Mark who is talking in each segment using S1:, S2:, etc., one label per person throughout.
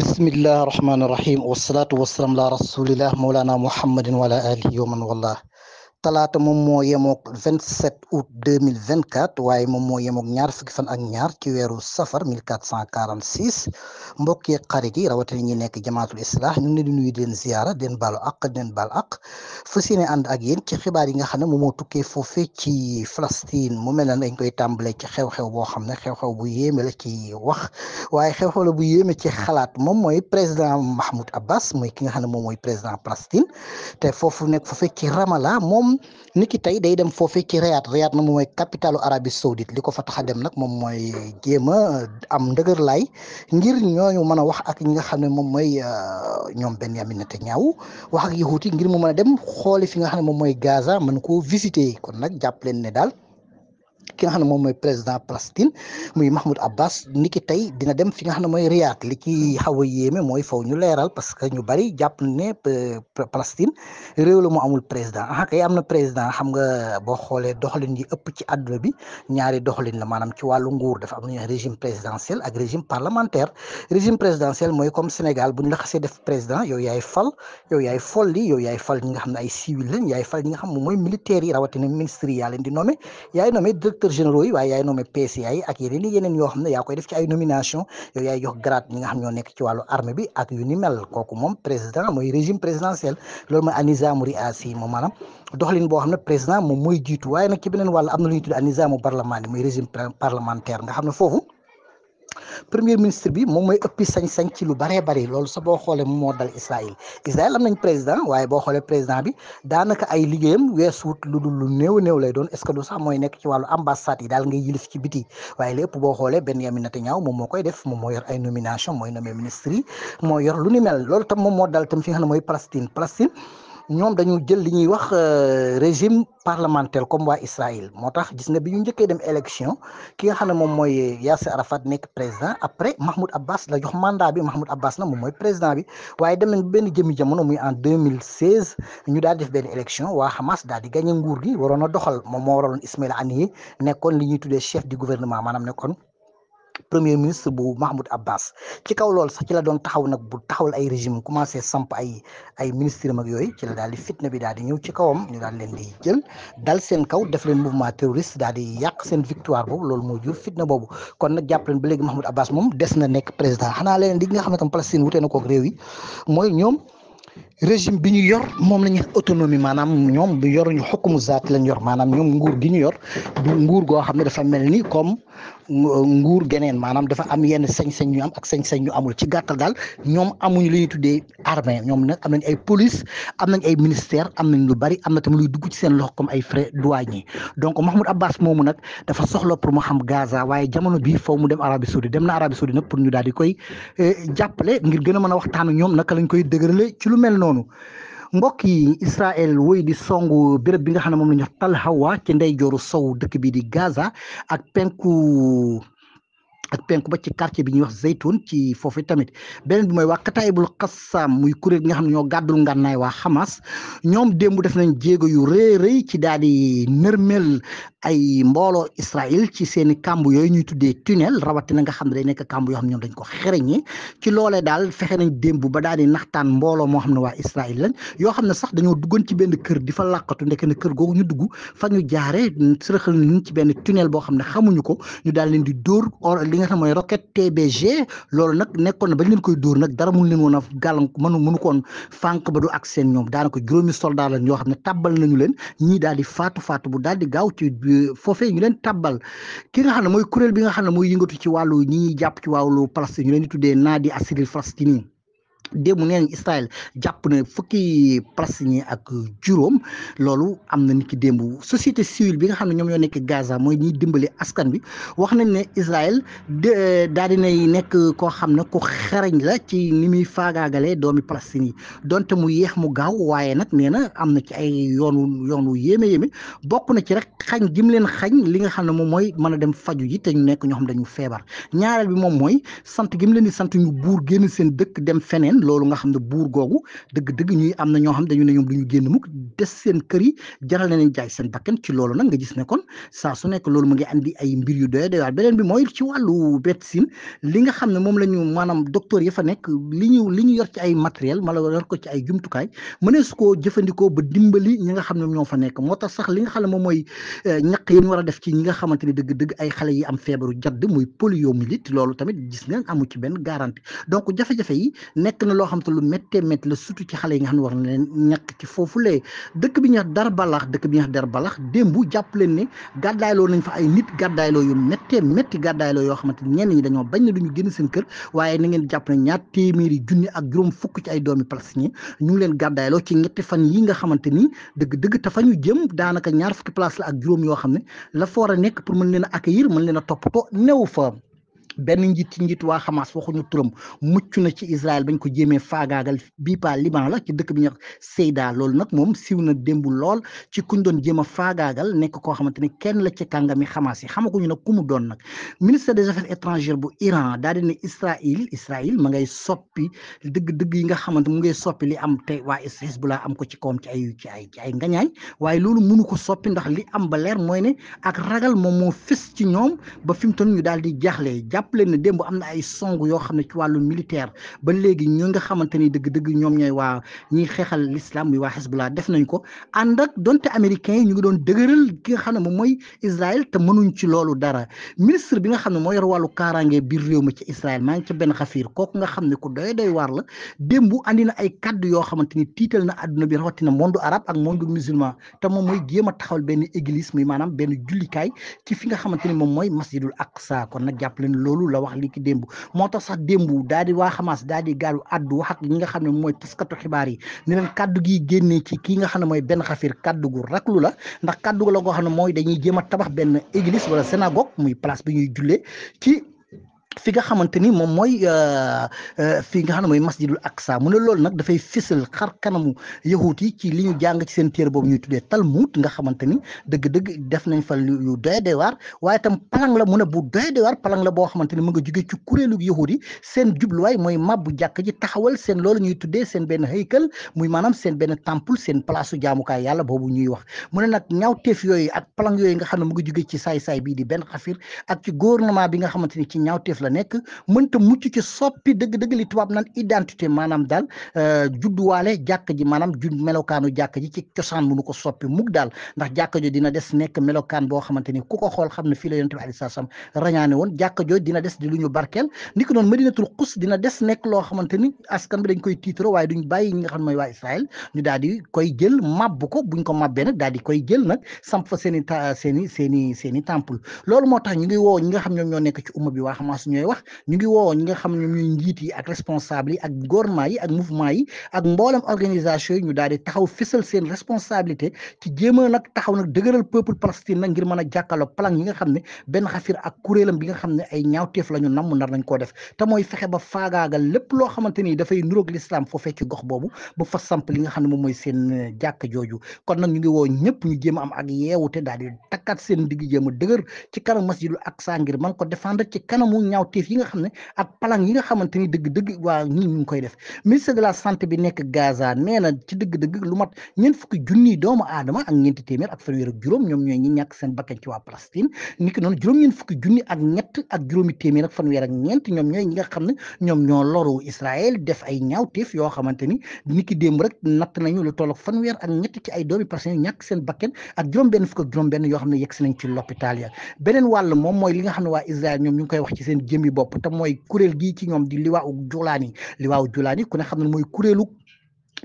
S1: bismillah rahmaani rahim wasalaatu wasalaam la rasulillah mawlana muhammadin wala alihi wa man wallah talaata moom moo yemook 27 août 2024 waaye moom mooy yemook ñaar fukki fan ak ñaar ci weeru safar 1446 mbokk yi xarit yi rawatina ñi nekk jamaatul islah ñu ngi leen di nuyu den ziara den baalu ak den baal ak fas yéene ànd ak yéen ci xibaar yi nga xam ne moom moo tukkee foofee ci Palestine mu mel ne dañ koy tàmbalee ci xew-xew boo xam ne xew-xew bu yéeme la ci wax waaye xew-xew la bu yéeme ci xalaat moom mooy président Mahmoud Abbas mooy ki nga xam ne moom mooy président Palestine te foofu moom niki tey day dem foofee ci Riyad Riyad na moom mooy capitalu arabi Saoudite li ko fa tax a dem nag moom mooy jéem a am ndëgër laay ngir ñooñu mën a wax ak ñi nga xam ne moom mooy euh, ñoom Benyamin ñaaw wax ak yahuut yi ngir mu mën a dem xooli fi nga xam ne moom mooy Gaza mën koo visiter kon nag jàpp leen ne daal. ki nga xam ne moom mooy président Palestine muy Mahmoud Abbas niki tey dina dem fi nga xam ne mooy Riyad li ci xaw a yéeme mooy faw ñu leeral parce que ñu bari jàpp ne euh, Palestine réew la mu amul président ah kay na président xam nga boo xoolee doxalin yi ëpp ci àdduna bi ñaari doxalin la maanaam ci wàllu nguur dafa am lu ñuy wax régime présidentiel ak régime parlementaire régime présidentiel mooy comme Sénégal bu ñu la xasee def président yow yaay fal yow yaay folli yow yaay fal ñi nga xam ne ay civil lañ yaay fal ñi moom mooy militaire yi rawatina ministres yi yaa leen di nommé yaay nommé directeurs généraux yi waaye yaay nommé PCA yi ak yeneen i yeneen yoo yaa koy def ci ay nomination yow yaay jox grade ñi nga xam ñoo nekk ci wàllu armée bi ak yu ni mel kooku moom président mooy régime présidentiel loolu mooy anisaamuri asi moom maanaam doxalin boo xam ne président moom mooy jiitu waaye nag ci beneen am na lu ñuy tudd anisaamu parlement yi régime parlementaire nga xam foofu premier ministre bi moom mooy ëppi sañ-sañ ci lu baree bari loolu sa boo xoolee moom moo dal Israël Israël am nañ président waaye boo xoolee président bi daanaka ay liggéeyam weesuut lu dul lu néew néew lay doon est-ce que ci wàllu ambassade yi daal ngay yilif ci biti waaye lépp boo xoolee Benjamin Netanyahu moom moo koy def moom moo yor ay nomination mooy nommé ministre yi moo yor lu ni mel loolu tam moom moo dal tam fi nga mooy Palestine Palestine ñoom dañu jël li ñuy wax euh, régime parlementaire comme waa Israël moo tax gis nga bi ñu njëkkee dem élection ki nga xam ne moom mooy Yasser Arafat nekk président après Mahmoud Abbas la jox mandat bi Mahmoud Abbas na moom mooy président bi waaye dem nañ benn jëmi jamono muy en 2016 ñu daal def benn élection waa Hamas daal di nguur gi waroon a doxal moom moo waraloon Ismaïl Haniyeh nekkoon li ñuy tuddee chef du gouvernement maanaam nekkoon. premier ministre bu Mahmoud Abbas ci kaw loolu sax ci la doon taxaw nag bu taxawal ay régime commencé samp ay ministre mag yooyu ci la daal di fitna bi daal di ñëw ci kawam ñu daal leen di jël dal seen kaw def leen mouvement terroriste daal di yàq seen victoire boobu loolu moo jur fitna boobu kon nag jàpp leen ba léegi Mahmoud Abbas moom des na nekk président xanaa leen li nga xam ne tam Palestine wute na koog réew yi mooy ñoom régime bi ñu yor moom la ñu autonomie maanaam ñoom bu yoruñu xukkumu zaat lañ yor maanaam ñoom nguur gi ñu yor du nguur goo xam ne dafa mel ni comme nguur geneen maanaam dafa am yenn sañ-sañ ñu am ak sañ ñu amul ci gàttal daal ñoom amuñu li ñuy tuddee armée ñoom nag am nañ ay police am nañ ay ministère am nañ lu bari am na mu luy dugg ci seen loxo comme ay frais douaniers donc Mahmoud Abbas moomu nag dafa soxla pour mu xam Gaza waaye jamono bii foo mu dem Arabie Saoudite dem na Arabie Saoudite nag pour ñu daal di koy eh, jàppale ngir gën a mën a waxtaan ñoom naka lañ koy noonu mbokk yi Israël di songu béréb bi nga xam ne moom la ñu wax Tal Hawa ci ndeyjooru sow dëkk bi di Gaza ak penku ak penku ba ci quartier bi ñuy wax zaytun ci foofu tamit beneen bi mooy wax Kataayibul Qassam muy kuréel gi nga xam ne ñoo gàddul ngànnaay waa Hamas ñoom demb def nañ jéego yu rëy rey ci daal di nërmel ay mbooloo Israël ci seen i kàmb yooyu ñuy tuddee tunnel rawatina nga xam ne day nekk kàmb yoo xam ne ñoom dañ ko xereñi ci loolee daal fexe nañ démb ba daal di naxtaan mbooloo moo xam ne waa Israël lañ yoo xam ne sax dañoo duggoon ci benn kër di fa làqatu ndeke ne kër googu ñu dugg fa ñu jaare ci benn tunnel boo xam ne xamuñu ko ñu di dóor nga xam mooy roquette TBG loolu nag nekkoon ba bañ leen koy dóor nag dara mun leen woon a gàllank mënu mënu koon fànq ba du ak seen ñoom daanaka juróomi soldat lañ yoo xam ne tàbbal nañu leen ñii daal di faatu faatu bu daal di gaaw ci euh, foofee ñu leen tàbbal ki nga xam ne mooy kuréel bi nga xam ne mooy yëngatu ci wàllu ñi ñuy ci wàllu Palestine ñu leen di tuddee Naadi Asiril Falastini démb nee nañ Israël jàpp na fukki palestinien ak juróom loolu am na nit ki démb société civile bi nga xam ne ñoom ñoo nekk Gaza mooy ñiy dimbali askan bi wax nañ ne Israël daal dinay nekk koo xam ne ko xarañ la ci ni muy faagaagalee doomi palestine yi donte mu yéex mu gaaw waaye nag nee na am na ci ay yoonu yoonu yéeme yéeme bokk na ci rek xañ gim leen xañ li nga xam ne moom mooy mën a dem faju ji te ñu nekk ñoo xam dañu feebar ñaareel bi moom mooy sant gim leen di sant ñu buur génn seen dëkk dem feneen loolu nga xam ne buur googu dëgg-dëgg ñuy am na ñoo xam dañu ne ñoom du ñu génn mukk des seen kër yi jaral na leen jaay seen bakkan ci loolu nag nga gis ne kon saa su nekk loolu mu ngi andi ay mbir yu doy doy beneen bi mooy ci wàllu médecine li nga xam ne moom la ñu maanaam docteur yi fa nekk li ñu li ñu yor ci ay matériel mala yor ko ci ay jumtukaay mënees koo jëfandikoo ba dimbali ñi nga xam ne ñoo fa nekk moo tax sax li nga moom mooy eh, ñaq yi ñu war a def ci ñi nga xamante ni dëgg-dëgg ay xale yi am feebaru jadd muy poliomyélite loolu tamit gis nga amu ci benn garantie donc jafe-jafe yi nekk loo xam te lu méttee métti la surtout ci xale yi nga xam ne war na leen ñàkk ci foofulee dëkk bi ñu wax dar balax dëkk bi ñu wax dar balax démb jàpp leen ne gàddaayloo nañ fa ay nit gàddaayloo yu mettee métti gàddaayloo yoo xamante ñenn ñi dañoo bañ ne duñu génn seen kër na ngeen jàpp ne ñaar téeméeri junni ak juróom fukk ci ay doomi palestinien ñu ngi leen gàddaayloo ci ñetti fan yi nga xamante ni dëgg dëgg te fa ñu jëm daanaka ñaar fukki place la ak juróom yoo xam ne la fa war a nekk pour mën leen a accueillir mën leen a toppatoo new fa benn njiit ci njiit waa Hamas waxuñu turam mucc na ci Israël bañ ko jéemee faagaagal bii pa Liban la ci dëkk bi ñu wax Seyda loolu nag moom siw na démb lool ci kuñ doon jéem a faagaagal nekk koo xamante ne kenn la ci kàngami Hamas yi xamaguñu nag ku mu doon nag ministre de affaires étrangères bu Iran daa di ne Israël Israël ma ngay soppi dëgg-dëgg yi nga xamante mu ngay soppi li am tey waa Hezbollah am ko ci kawam ci ay ci ay ci ay ngañaay waaye loolu mënu ko soppi ndax li am ba leer mooy ne ak ragal moom moo ci ñoom fi mu toll ñu di jàpp leen ne démb am na ay song yoo xam ne ci wàllu militaire ba léegi ñoo nga xamante ni dëgg-dëgg ñoom ñooy waa ñiy xeexal l'islam muy waa Hezbollah def na ko ànd ak donte américains yi ñu ngi doon dëgëral ki nga xam ne moom mooy Israël te mënuñ ci loolu dara ministre bi nga xam ne moo yor wàllu kaaraange biir réew mi ci Israël maa ngi ca benn xam ne ku doy doy waar la démb andi na ay kaddu yoo xamante ni tiital na àdduna bi rawatina monde arabe ak monde musulman te moom mooy jéem a taxawal benn église muy maanaam benn jullikaay ci fi nga xamante ni moom mooy masjidul aqsa kon nag jàpp loolu la wax li ki moo tax sax démb daal di waa Hamas daal di gaalu addu wax ak ñi nga xam ne mooy taskatu xibaar yi ne leen kaddu gi génnee ci kii nga xam ne mooy Ben Gvir kaddu gu raklu la ndax kaddu la goo xam ne mooy dañuy jéem a tabax benn église wala synagogue muy place bi ñuy jullee ci fi nga xamante ni moom mooy euh, euh, fi nga xam ne mooy masjidul aqsa mu ne loolu nag dafay fësal xar kanamu yahut yi ci li ñu jàng ci seen téere boobu ñuy tuddee talmud nga xamante ni dëgg-dëgg def nañ fa yu doy de waaye itam palang la mu ne bu doy de waar la boo xamante ni mu nga jugee ci kuréelu yahut yi seen jubluwaay mooy mabbu jàkk ji taxawal seen loolu ñuy tuddee seen benn haykal muy maanaam seen benn seen palaasu jaamukaay yàlla boobu ñuy wax mu ne nag ñaawteef yooyu ak palang yooyu nga xam ne mu nga jugee ci saay-saay bii di benn xafir ak ci gouvernement bi nga xamante ni ci ñaawteef la nekk mënta mucc ci soppi dëgg-dëgg li tubaab nan identité maanaam daal euh, judduwaale jàkk ji maanaam ju melokaanu jàkk ji ci cosaan mënu ko soppi mug daal ndax jàkk jo dina des nekk melokaan boo xamante ni ku ko xool xam ne fii la yonent bi aleyhi salaam rañaane woon jàkk jooju dina des di lu ñu barkeel ni ko noonu madinatul xus dina des nekk loo xamante ni askan bi dañ koy tiitro waaye duñ bàyyi ñi nga xam ne mooy waa Israël ñu daal di koy jël màbb ko buñ ko màbbee nag daal di koy jël nag samp fa ta seen i seen i seen i ñu nga xam ñoom nekk ci umma bi waa ñooy wax ñu ngi woo ñi nga xam ne ñuy njiit yi ak responsable yi yi ñu daal di taxaw fësal seen responsabilité ci jéem a nag taxaw nag dëgëral peuple palestine nag ngir mën a jàkkaarloo plan yi nga xam ne benn xafir ak kuréelam bi nga xam ne ay ñaawteef la ñu namm nar nañ koo def te mooy fexe ba faagaagal lépp loo xamante ni dafay nuroog l'islam foofee ci gox boobu ba fa samp li nga xam ne moom mooy seen euh, jàkk jooju kon nag ñu ngi woo ñëpp ñu jéem am ak yeewute daal di takkaat seen digg jéem a ko défendre ci ñaawteef yi nga xam ne ak palang yi nga xamante ni dëgg-dëgg waa ñii ñu ngi koy def ministre de la santé bi nekk Gaza nee na ci dëgg-dëgg lu mat ñeent fukki junniy doomu aadama ak ñeenti téeméer ak fanweer ak ñoom ñooy ñi ñàkk seen bakkan ci waa Palestine niki noonu juróom ñeent fukki junni ak ñett ak juróomi ñoom ñooy ñi nga xam ne ñoom ñoo loru Israël def ay ñaawteef yoo xamante niki démb rek natt nañu lu toll ak fanweer ak ñett ci ay doomi Palestine ñàkk seen bakkan ak juróom benn fukk ak juróom benn yoo xam ne yegg si nañ ci l'hôpital ya beneen wàll moom mooy li nga xam ne waa Israël ñoom ñu ngi koy wax ci seen jëmi bopp te mooy kuréel gii ci ñoom di liwaawu julaani liwaawu julaani ku ne xam ne mooy kuréelu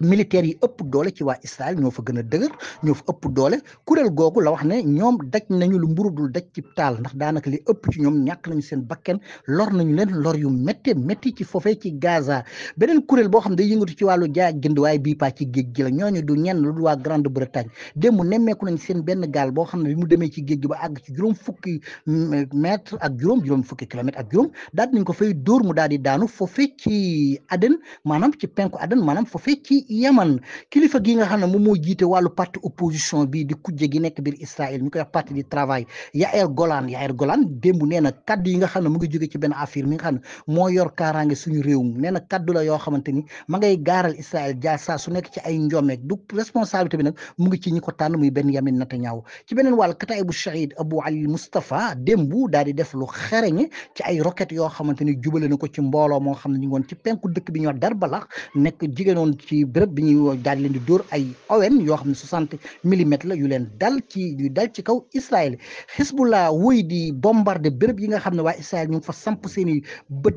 S1: militaires yi ëpp doole ci waa Israël ñoo fa gën a dëgër ñoo fa ëpp doole kuréel googu la wax ne ñoom daj nañu lu mburu dul daj ci taal ndax daanaka li ëpp ci ñoom ñàkk nañu seen bakken lor nañu leen lor yu métte métti ci foofee ci Gaza beneen kuréel boo xam ne yëngatu ci wàllu jaay jënd waaye bii paa ci géej gi la ñooñu du ñenn lu waa Grande-Bretagne démb nemmeeku nañ seen benn gaal boo xam ne mu demee ci géej gi ba àgg ci juróom fukki euh, mètre ak juróom juróom fukki kilomètre ak juróom daal nañ ko fay dóor mu daal di daanu foofee ci Aden maanaam ci penku Aden maanaam foofee ci Yaman kilifa gi nga xam ne moom moo jiite wàllu parti opposition bi di kujje gi nekk bi Israël ñu koy wax parti du travail Yair Golan Yair Golan démb nee na kaddu yi nga xam ne mu ngi jóge ci benn affaire mi nga xam ne moo yor kaaraange suñu mi nee na kaddu la yoo xamante ni ma ngay gaaral Israël jaar su nekk ci ay njommeeg du responsabilité bi nag mu ngi ci ñi ko tànn muy Benyamin Netanyahu ci beneen wàll kataayibu Shahid Abu Ali Mustafa démb daal di def lu xereñ ci ay roquettes yoo xamante ni jubale na ko ci mbooloo moo xam ne ñu ngi woon ci penku dëkk bi ñoo darbalax nekk jigéenoon ci bërëb bi ñuy daal leen di dóor ay owen yoo xam ne soixante millimètres la yu leen dal ci yu dal ci kaw Israël Hezbollah woy di bombarder bërëb yi nga xam ne waa Israël ñu fa samp seen i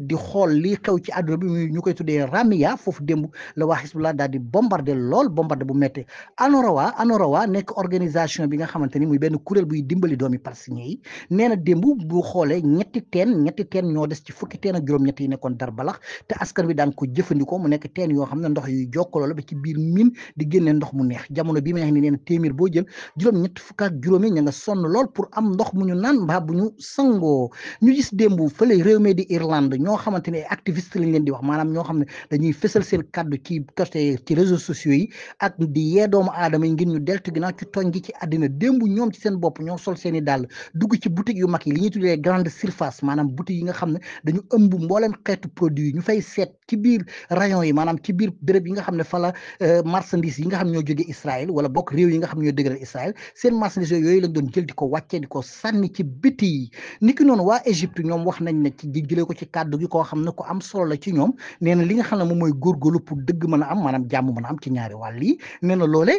S1: di xool li xew ci àdduna bi ñu koy tuddee Ramia foofu demb la waa Hezbollah daal di bombarder lool bombarder bu méttee Anorawa Anorawa nekk organisation bi nga xamante ni muy benn kuréel buy dimbali doomi palestiniens yi nee na démb bu xoolee ñetti teen ñetti teen ñoo des ci fukki teen ak juróom-ñett yi nekkoon Darbalax te askan wi daan ko mu nekk teen yoo xam wala ba ci biir mine di génne ndox mu neex jamono bi may wax ni nee na téeméer boo jël juróom ñett fukk juróomi ña sonn lool pour am ndox mu ñu naan mbaa bu ñu sangoo ñu gis démb fële réew mi di Irlande ñoo xamante ne activiste lañ leen di wax maanaam ñoo xam ne dañuy fësal seen kàddu ci côté ci réseaux sociaux yi ak di yee doomu aadama yi ngir ñu deltu ginnaaw ci to gi ci àddina démb ñoom ci seen bopp ñoo sol seen i dàll dugg ci boutique yu mag yi li yi nga xam ne dañu ëmb mbooleem xeetu produit ñu fay seet ci biir rayon yi maanaam ci la euh, marchandise yi nga xam ñoo jóge Israël bokk réew yi nga xam ñoo dëgëral Israël seen marchandise yooyu lañ doon jël ko wàccee di ko sànni ci biti yi waa Égypte ñoom wax nañ ne ci di jëlee ko ci kàddu gi koo xam ne ko am solo la ci ñoom nee na li nga xam ne moom mooy góorgóorlu pour dëgg mën a am maanaam jàmm mën a am ci ñaari wàll yi loole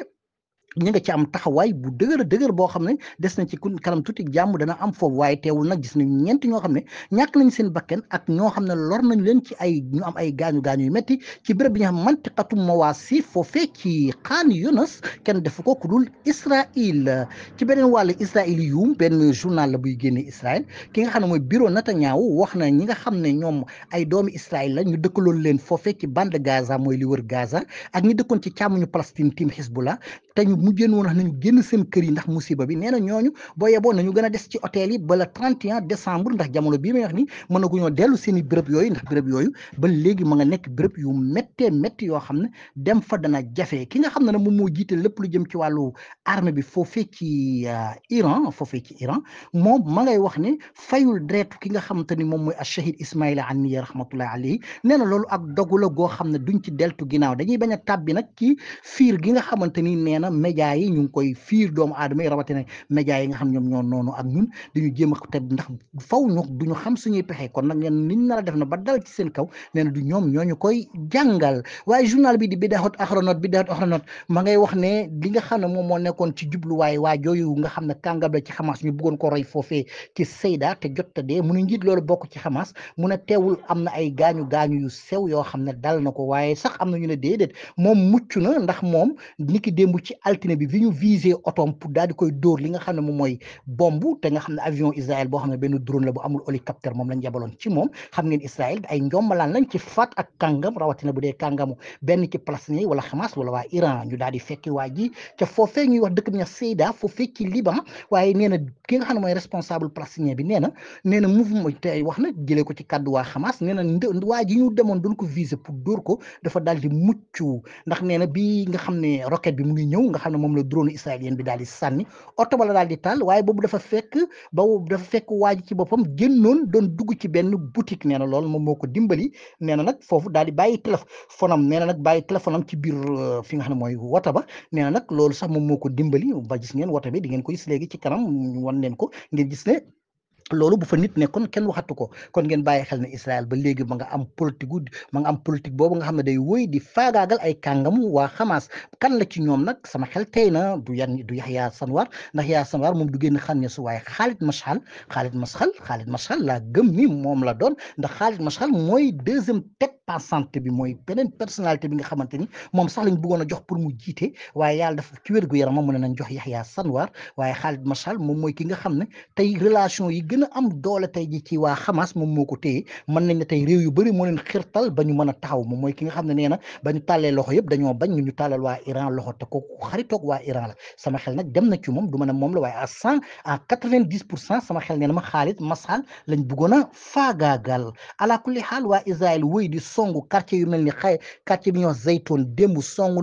S1: ñu nga ci am taxawaay bu dëgër dëgër boo xam ne des na ci kanam tuuti jàmm dana am foofu waaye teewul nag gis nañu ñeent ñoo xam ne ñàkk nañ seen bakken ak ñoo xam ne lor nañ leen ci ay ñu am ay gaañu gaañu yu métti ci béréb bi nga xam mantiqatu mawaasi foofee ci xaan Yunus kenn defu ko ku dul Israël ci beneen wàll Israël yu benn journal la buy génnee Israël ki nga xam ne mooy bureau Netanyahu wax na ñi nga xam ne ñoom ay doomi Israël la ñu dëkkaloon leen foofee ci bande Gaza mooy li wër Gaza ak ñi dëkkoon ci càmmuñu Palestine tim Hezbollah te ñu mujjeen woon wax nañu génn seen kër yi ndax musiba bi nee na ñooñu boo yeboo nañu gën a des ci hôtel yi bala 31 décembre ndax jamono bi may wax ni mënaguñoo dellu seen i béréb yooyu ndax béréb yooyu ba léegi ma nga nekk béréb yu méttee métti yoo xam ne dem fa dana jafe ki nga xam ne nag moom moo jiite lépp lu jëm ci wàllu armée bi foofee ci euh, Iran foofee ci Iran moom ma ngay wax ne fayul deretu ki nga xamante ni moom mooy achahid Ismaïla Haniyeh rahmatullahi alayhi nee na loolu ak dogula goo xam ne duñ ci deltu ginnaaw dañuy bañ a tàbbi nag ci fiir gi nga xamante ni médias yi ñu ngi koy fiir doomu aadama yi rawatina médias yi nga xam ñoom ñoo noonu ak ñun dañu jéem a te ndax faw ñu duñu xam suñuy pexe kon nag ñeen niñ a def na ba dal ci seen kaw nee na du ñoom ñooñu koy jàngal waaye journal bi di bidaxot axronot bidaxot axronot ma ngay wax ne li xam ne moom moo nekkoon ci jubluwaay waa nga xam ne kàngam la ci Hamas ñu bëggoon ko roy foofee ci Seyda te jot a dee mu ne njiit loolu bokk ci Hamas mu ne teewul am na ay gaañu gaañu yu sew yoo xam ne dal na ko waaye sax am na ñu altine bi bi ñu visé otoom pour daal di koy dóor li nga xam ne moom mooy bomb te nga xam ne avion Israël boo xam ne benn drone la bu amul hélicoptère moom lañ jabaloon ci moom xam ngeen Israël ay njombalaan lañ ci faat ak kàngam rawatina bu dee kàngamu benn ci palestinien wala Hamas wala waa Iran ñu daal fekki waa ji foofee ñuy dëkk bi ñu Seyda foofee ci Liban waaye nee na nga xam ne mooy responsable palestinien bi nee na nee na mouvement te wax na jëlee ko ci kàddu waa Hamas nee na waa ko ko dafa daal di mucc na bi nga xam ne roquette bi mu ngi ñëw nga xam no moom la drone israélien bi daal di sànni oto ba la daal di taal waaye boobu dafa fekk ba dafa fekk waa ji ci boppam génnoon doon dugg ci benn boutique nee na loolu moom moo ko dimbali nee nag foofu daal di bàyyi téléphone am nee na nag bàyyi téléphone ci biir euh, fi nga xam ne mooy wata ba nee na nag loolu sax moom moo ko dimbali ba gis ngeen wata bi di ngeen ko gis léegi ci kanam wan leen ko ngeen gis ne loolu bu fa nit nekkoon kenn waxatu ko kon ngeen bàyyi xel ne Israël ba léegi ma am politique gu ma am politique boobu nga xam ne day woy di faagaagal ay kàngamu waa Hamas kan la ci ñoom nag sama xel tey na du yan du Yahya Sanwar ndax Yahya Sanwar moom du génn xam ne su waaye Khalid Mashal Khalid Mashal Khalid Mashal laa gëm ni moom la doon ndax Khalid Mashal mooy deuxième tête santé bi mooy beneen personnalité bi nga xamante ni moom sax lañ bëggoon a jox pour mu jiite waaye yàlla dafa ci wér gu yaramam mu ne nañ jox Yahya Sanwar waaye mooy ki nga xam ne tey relation a am doole tey ji ci a taxaw moom mooy ki nga xam ne na ba ñu tàllee loxo yëpp dañoo bañ ñu la sama xel nag dem na ci moom du ma ne moom waaye à cent à quatre-vingt-dix pour cent ma Khalid Machal lañ bëggoon a faagaagal alaakulli xaal waa Israël wéy di songu quartier yu mel ni xay quartier bi ñuy wax Zeytoun démb xam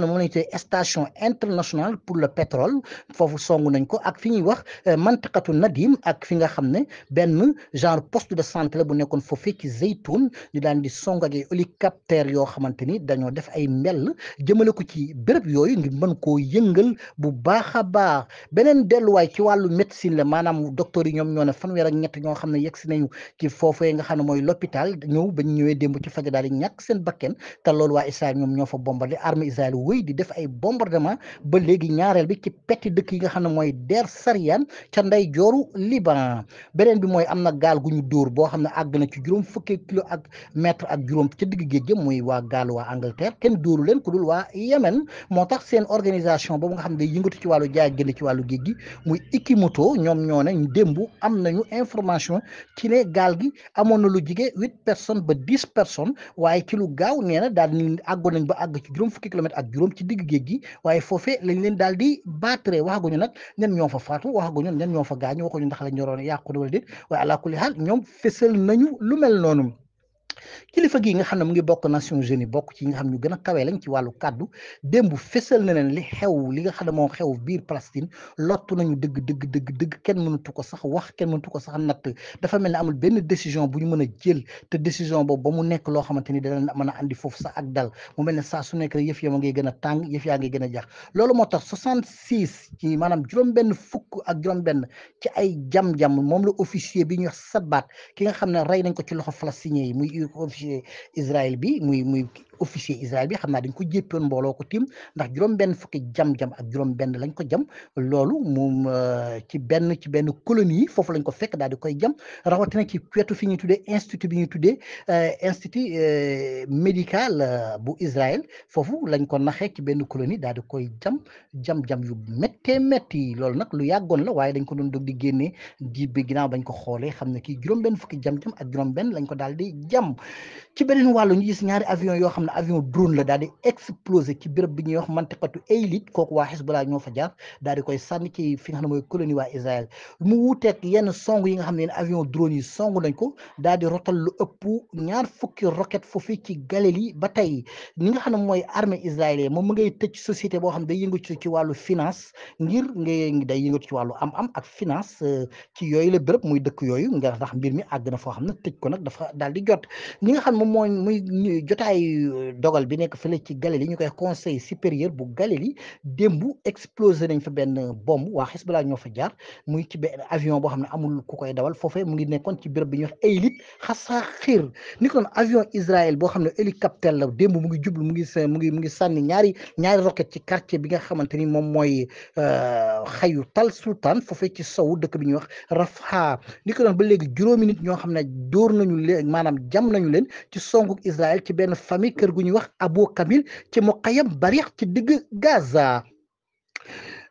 S1: ne moom lañ tey station internationale pour le pétrole foofu songu nañ ko ak fi ñuy wax euh, mantakatu Nadim ak fi nga xam ne benn genre poste de santé bu nekkoon foofii ci Zeytoun ñu daan di song ak ay hélicoptère yoo xamante ni dañoo def ay mbell jëmale ko ci béréb yooyu ngir mën koo yëngal bu baax a baax beneen delluwaay ci wàllu médecine la maanaam docteur yi ñoom ñoo ne fanweer ak ñett ñoo xam ne yegg si nañu ci foofu nga xam ne mooy l'hôpital ñëw ñëwee démb ci fajar daal di ñàkk seen bakken te loolu waa ñoom fa bombardé armée Israël wéy di def ay bombardement ba léegi ñaareel bi ci petti dëkk yi nga xam ne mooy Der Saryan ca nday jooru Liban beneen bi mooy am na gaal gu ñu dóor boo xam ne àgg na ci juróom fukki kilo ak mètre ak juróom ca digg géej gi muy waa gaal waa Angleterre kenn dóoru leen ku dul waa Yemen moo tax seen organisation boobu nga xam ne yëngatu ci ci wàllu géej gi muy Ikimoto ñoom ñoo ne démb am nañu information ci ne gaal gi amoon na lu jige huit personnes ba dix dix personnes waaye ci lu gaaw nee na daal ni nañ ba àgg juróom fukki kilomètres ak juróom ci digg géej waaye foofee lañ leen daal di baatre waxaguñu nag ñen fa faatu waxaguñu ñen ñoo fa gaañu waaye alaa xaal ñoom fësal nañu lu mel kilifa gi nga xam ne mu ngi bokk Nations Unies bokk ci nga xam ñu gën a kawe lañ ci wàllu kàddu démb fésal na leen li xew li nga xam ne moo xew biir Palestine lottu nañu dëgg dëgg dëgg dëgg kenn mënatu ko sax wax kenn mënatu ko sax natt dafa mel ne amul benn décision bu ñu mën a jël te décision boobu ba mu nekk loo xamante ni dana mën a andi foofu sa ak dal mu mel ne saa su nekk yëf ya ngi gën a tàng yëf yaa ngi gën a jax loolu moo tax 66 ci maanaam juróom-benn fukk ak juróom-benn ay jam-jam moom la officier bi ñu wax sabaat ki nga xam ne rey nañ ko ci loxo palestinien yi ñu confié Israël bi muy muy officier Israël bi xam naa dañ ko jéppoon mbooloo ko tiim ndax juróom-benn fukki jam-jam ak juróom-benn lañ ko jam loolu moom euh, ci benn ci benn colonie foofu lañ ko fekk daal di koy jam rawatina ci wetu fi ñuy tuddee institut bi ñuy tuddee euh, institut euh, médical bu Israël foofu lañ ko naxee ci benn colonie daal di koy jam jam-jam yu méttee métti loolu nag lu yàggoon la waaye dañ ko doon dog di génnee diir bi ginnaaw bañ ko xoolee xam ne kii juróom-benn fukki jam-jam ak juróom-benn lañ ko daal di jam ci beneen wàllu ñu ñaari avion yoo xam ne avion drone la daal di explosé ci béréb bi ñuy wax mantiqatu Eilit kooku waa Hezbollah ñoo fa jaar daal di koy sànni ci fi nga xam ne mooy colonie waa Israël mu wuuteeg yenn song yi nga xam ne avion drone yi song nañ ko daal di rotal lu ëpp ñaar fukki roquette foofu ci Galilée ba tey ñi nga xam ne mooy armee israélienne moom mu ngay tëj société boo xam ne day yëngatu ci wàllu finance ngir ngay day yëngatu ci wàllu am-am ak finance euh, ci yooyu le béréb muy dëkk yooyu nga ndax mbir mi àgg na foo xam ne tëj ko nag dafa daal di jot moom moo muy jotaay euh, dogal bi nekk fële ci Galilée ñu koy conseil supérieur bu Galilée démb explosé nañ fa benn bombe waa Hezbollah ñoo fa jaar muy ci benn avion boo xam ne amul ku koy dawal foofe mu ngi nekkoon ci béréb bi ñuy wax Eilit Hasakhir ni kon avion Israël boo xam ne hélicoptère la démb mu ngi jublu mu ngi mu ngi mu ngi sànni ñaari ñaari roquette ci quartier bi nga xamante ni moom mooy euh, xayu Tal Sultan foofee ci sowu dëkk bi ñuy wax Rafah ni ko doon ba léegi juróomi nit ñoo xam ne dóor nañu leen maanaam jam na ñu leen ci songuk ci benn famille kër gu ñuy wax Abu Kamil ci Muqayyam Barix ci digg Gaza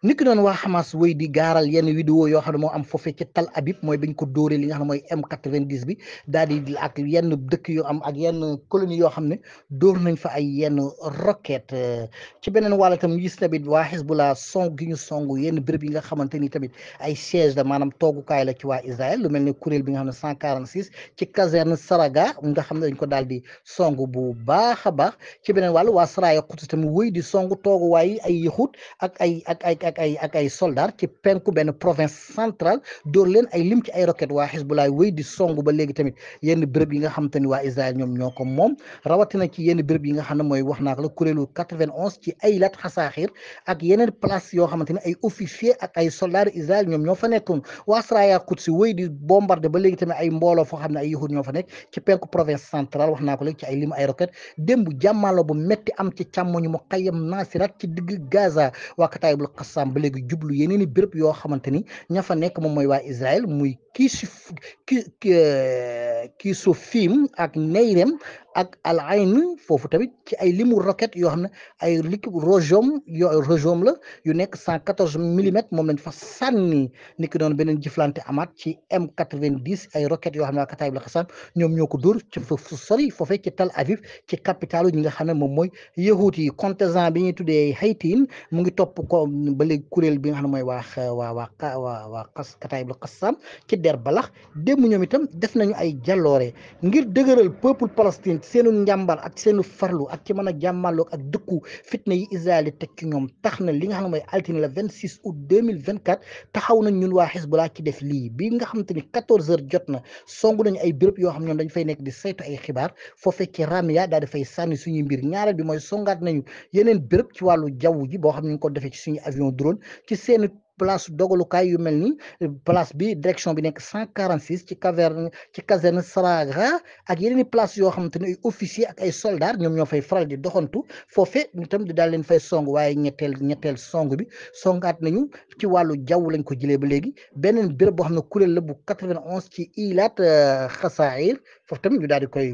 S1: niki noonu waa Hamas woy di gaaral yenn vidéo yoo xam ne moo am foofee ci Tal mooy ko dóoree li nga xam ne mooy bi daal yenn dëkk yoo am ak yenn colonie yoo xam ne door nañ fa ay yenn roquette ci beneen wàll tam gis tamit waa Hezbollah song gi ñu song yenn béréb yi nga xamante ni tamit ay siège la maanaam toogukaay la ci waa Israël lu mel ne kuréel bi nga xam ne 146 ci caserne Saraga nga xam ne dañ ko daal di song bu baax a baax ci beneen wàll waa Saraya Quds tamit woy di song tooguwaay ay yaxut ak ay ak ak ay ak ay soldats ci penku benn province centrale dóor leen ay lim ci ay roquettes waa Hezbollah wéy di songu ba léegi tamit yenn béréb yi nga xam te ni waa Israël ñoom ñoo ko moom rawatina ci yenn béréb yi nga xam ne mooy wax naa ko la kuréelu 91 ci Eilat Hasaxir ak yeneen place yoo xamante ni ay officiers ak ay soldats Israël ñoom ñoo fa nekkoon waa Saraya Kutsi wéy di bombardé ba léegi tamit ay mbooloo foo xam ne ay yahud ñoo fa nekk ci penku province centrale wax naa ko léegi ci ay lim ay roquettes démb jàmmaalo bu metti am ci càmmoñu mu ci digg Gaza Sam ba léegi jublu yeneen i béréb yoo xamante ni ña fa nekk moom mooy waa Israël muy kii su kii kii euh, ak Neyrem ak al ayn foofu tamit ci ay limu roquette yoo xam ne ay liquide rojom yoo rojom la yu nekk cent quatorze millimètres moom lañ fa sànni ni ki noonu beneen jëflante amaat ci M quatre vingt ay roquettes yoo xam ne waa Kataib la Qassam ñoom ñoo ko dóor ci fu sori foofee ci Tel Aviv ci nga xam ne moom mooy yahuut yi contestant bi ñuy tuddee Haïti mu ngi topp ko ba léegi kuréel bi nga xam ne mooy waa waa waa waa waa Kataib la Qassam ci der balax démb ñoom itam def nañu ay jàlloore ngir dëgëral peuple palestine seenu njàmbar ak seenu farlu ak ci mën a jàmmalloog ak dëkku fitna yi Israël teg ci ñoom tax na li nga xam ne mooy altine la vingt six août deux mille vingt quatre taxaw nañ ñun waa Hezbollah ci def lii bi nga xamante ni quatorze heures jot na song nañu ay béréb yoo xam ñoom dañ fay nekk di saytu ay xibaar foo fekkee Ramya daal di fay sànni suñu mbir ñaareel bi mooy songaat nañu yeneen bërëb ci wàllu jaww ji boo xam ñu ngi ko defee ci suñu avion drone ci seen place dogalukaay yu mel ni palace bi direction bi nekk cent quarante six ci caverne ci caserne Saraga ak yeneen i place yoo xamante ne ay officier ak ay soldats ñoom ñoo fay faral di doxantu foofe ñu tam daal leen fay song waaye ñetteel ñetteel song bi songaat nañu ci wàllu jaww lañ ko jilee ba léegi beneen béréb boo xam ne kuréel la bu quatre vingt onze ci Ilat euh, Xasaayir foofu tamit ñu daal di koy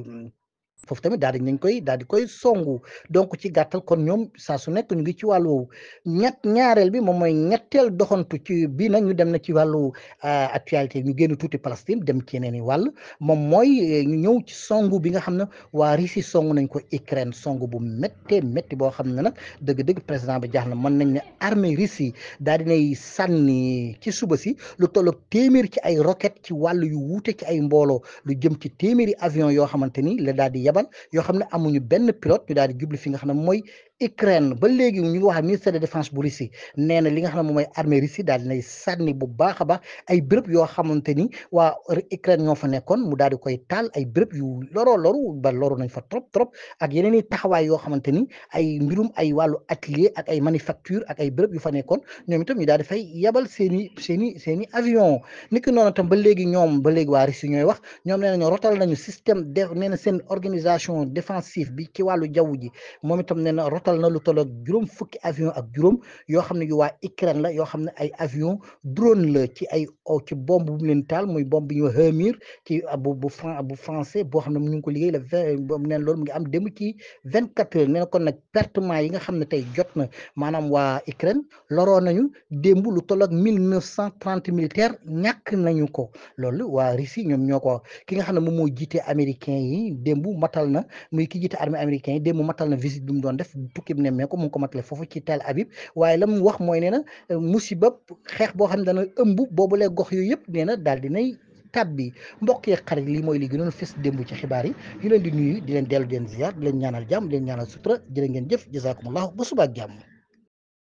S1: foofu tamit daal di nañ koy daal di koy songu donc ci gàttal kon ñoom saa su nekk ñu ngi ci wàllu woowu ñett ñaareel bi moom mooy ñetteel doxantu ci bii nag dem na ci wàllu euh, actualité ñu génn tuuti Palestine dem ci yeneen i wàll moom mooy euh, ñu ñëw ci songu bi nga xam ne waa risi songu nañ ko Ukraine songu bu méttee métti boo xam ne nag dëgg-dëgg président bi jaax na mën nañ ne armée Russie daal di nay sànni ci suba si lu tolloog téeméer ci ay roquettes ci wàll yu wuute ci ay mbooloo lu jëm ban yoo xam ne amuñu benn pilote ñu daal di jublu fi nga xam ne mooy Ukraine ba léegi ñu ngi wax ministère de défense bu Russie nee na li moom mooy armée Russie daal dinay sànni bu baax a baax ay béréb yoo xamante ni waa Ukraine ñoo fa nekkoon mu daal di koy taal ay béréb yu loroo loru ba loru nañ fa trop trop ak yeneen i taxawaay yoo xamante ni ay mbirum ay wàllu atelier ak ay manufacture ak ay béréb yu fa nekkoon ñoom itam ñu daal di fay yebal seen i seen i avion niki noonu tam ba léegi ñoom ba léegi waa Russie ñooy wax ñoom nee nañu rotal nañu système de nee seen organisation défensive bi ci wàllu jaww ji moom itam nee na yaatal na lu tolloog juróom fukki avion ak juróom yoo xam ne yu waa la yoo xam ne ay avion drone la ci ay oh, ci bomb bu mu leen taal muy bomb bi ñu Hermir ci ah, bu bu français boo xam ne mu ngi ko liggéey la vingt neen loolu mu ngi am dem ci vingt quatre heures nee na kon nag pertement yi nga xam ne tey jot na maanaam waa Ukraine loroo nañu démb lu tolloog mille neuf cent trente militaires ñàkk nañu ko loolu waa Russie ñoom ñoo ko ki nga xam ne moom moo jiite américain yi démb matal na muy ki jiite armée américain yi démb matal na visite doon def tukkib nemmeeku mu ngi ko matale foofu ci Tel Aviv waaye la mu wax mooy nee na euh, musiba xeex boo xam ne dana ëmb boobulee gox yooyu yëpp nee na daal dinay tàbbi mbokk yeeg xarit lii mooy lii gënoon fës démb ci xibaar yi ñu leen di nuyu di leen dellu di leen ziar di leen ñaanal jàmm di leen ñaanal sutura jërë ngeen jëf jazakumullahu ba suba ak jàmm